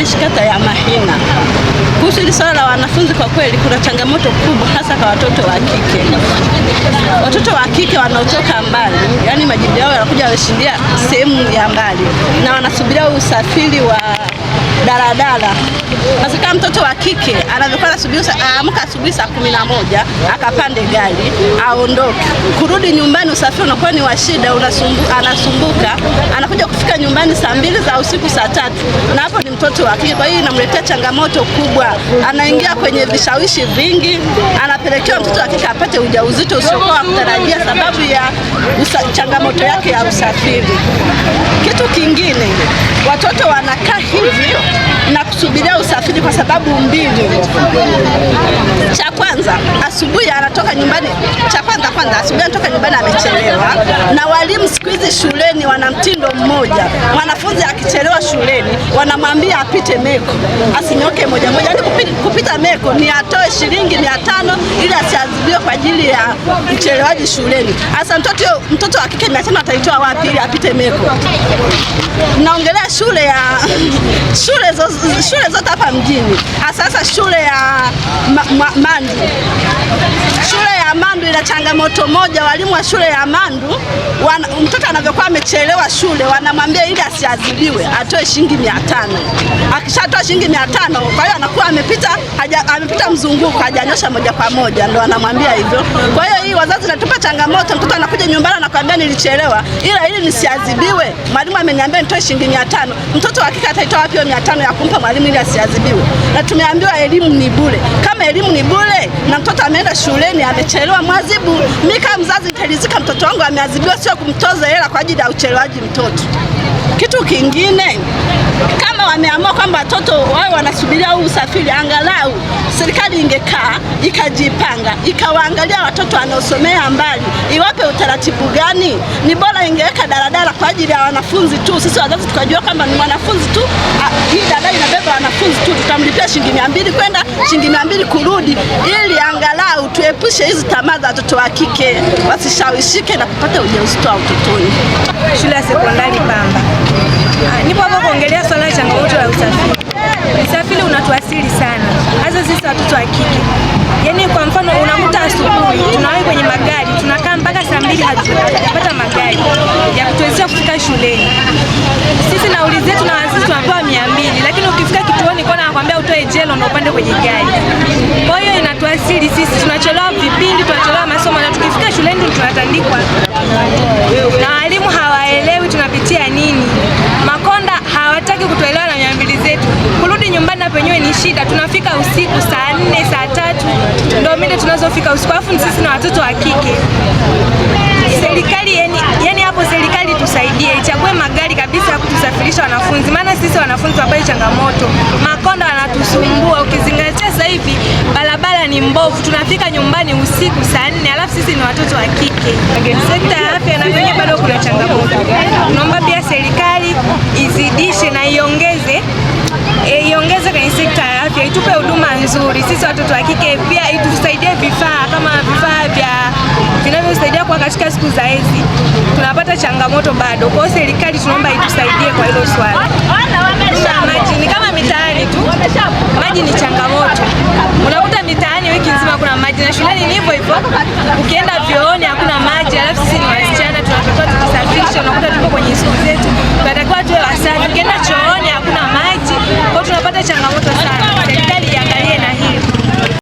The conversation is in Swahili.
naishi kata ya Mahina. Kuhusu hili swala la wanafunzi, kwa kweli kuna changamoto kubwa, hasa kwa watoto wa kike. Watoto wa kike wanaotoka mbali, yani majibu yao yanakuja wameshindia sehemu ya mbali, na wanasubiria usafiri wa daladala kama mtoto wa kike anavyokuwa anasubiri, aamka asubuhi saa kumi na moja akapande gari aondoke, kurudi nyumbani, usafiri unakuwa ni wa shida, anasumbuka, anakuja kufika nyumbani saa mbili za usiku, saa tatu, na hapo ni mtoto wa kike. Kwa hiyo inamletea changamoto kubwa, anaingia kwenye vishawishi vingi, anapelekewa mtoto wa kike apate ujauzito usiokuwa wa kutarajia sababu ya usa, changamoto yake ya usafiri. Kitu kingine watoto wanakaa hivyo na más sababu mbili. Cha kwanza, asubuhi anatoka nyumbani, cha kwanza kwanza, asubuhi anatoka nyumbani amechelewa, na walimu siku hizi shuleni wana mtindo mmoja, mwanafunzi akichelewa shuleni wanamwambia apite meko, asinyoke moja moja, yaani kupita meko ni atoe shilingi mia tano ili asiadhibiwe kwa ajili ya mchelewaji shuleni. Hasa mtoto mtoto wa kike mia tano ataitoa wapi ili apite meko? Naongelea shule ya shule zote hapa mjini Ah, sasa shule ya ma, ma, Mandu, shule ya Mandu ina changamoto moja. Walimu wa shule ya Mandu, wana, mtoto anavyokuwa amechelewa shule, wanamwambia ili asiadhibiwe atoe shilingi mia tano. Akishatoa shilingi mia tano, kwa hiyo anakuwa amepita haja, amepita mzunguko, hajanyosha moja kwa moja, ndo anamwambia hivyo. Kwa hiyo hii wazazi natupa changamoto, mtoto anakuja nyumbani anakuambia nilichelewa, ila ili nisiadhibiwe, mwalimu ameniambia nitoe shilingi mia tano. Mtoto hakika ataitoa wapi hiyo mia tano ya kumpa mwalimu ili asiadhibiwe? na tumeambiwa elimu ni bure. Kama elimu ni bure na mtoto ameenda shuleni amechelewa, mwazibu. Mimi kama mzazi nitaridhika mtoto wangu ameadhibiwa, sio kumtoza hela kwa ajili ya uchelewaji mtoto. Kitu kingine kama wameamua kwamba watoto wao wanasubiria huu usafiri, angalau serikali ingekaa ikajipanga ikawaangalia watoto wanaosomea mbali, iwape utaratibu gani. Ni bora ingeweka daladala kwa ajili ya wanafunzi tu, sisi wazazi tukajua kwamba ni mwanafunzi tu, hii daladala inabeba wanafunzi tu, tutamlipia shilingi mia mbili kwenda shilingi mia mbili kurudi, ili angalau tuepushe hizi tamaa za watoto wa kike wasishawishike na kupata ujauzito wa utotoni. Shule ya sekondari Pamba Ah, nipo hapa kuongelea swala la changamoto ya usafiri. Usafiri unatuasili sana, hasa sisi watoto wa kike. Yaani kwa mfano, unamuta asubuhi tunawahi kwenye magari, tunakaa mpaka saa mbili hatujapata magari ya kutuwezesha kufika shuleni. Sisi nauli zetu na wazazi tunapewa mia mbili, lakini ukifika kituoni kona anakuambia utoe jelo na upande kwenye gari. Kwa hiyo inatuasili sisi, tunachelewa vipindi, tunachelewa masomo na tukifika shuleni tunatandikwa na tunazofika usiku, uskofu sisi na watoto wa kike. Serikali yani, yani hapo serikali tusaidie, ichague magari kabisa ya kutusafirisha wanafunzi, maana sisi wanafunzi tunapata changamoto, makonda wanatusumbua. Ukizingatia sasa hivi barabara ni mbovu, tunafika nyumbani usiku saa nne, alafu sisi ni watoto wa kike. Sekta ya afya na vyenyewe bado kuna changamoto, tunaomba pia serikali izidishe na iongeze, eh, iongeze kwenye sekta ya afya, itupe huduma nzuri sisi watoto wa siku za hizi tunapata changamoto bado. Kwa hiyo serikali tunaomba itusaidie kwa hilo swala. Maji ni kama mitaani tu, maji ni changamoto. Unakuta mitaani wiki nzima kuna maji, na shuleni ni hivyo hivyo. Ukienda vyooni hakuna maji, alafu sisi ni wasichana tunatakiwa tujisafishe. Unakuta tuko kwenye siku zetu, tunatakiwa tuwe wasafi. Ukienda choo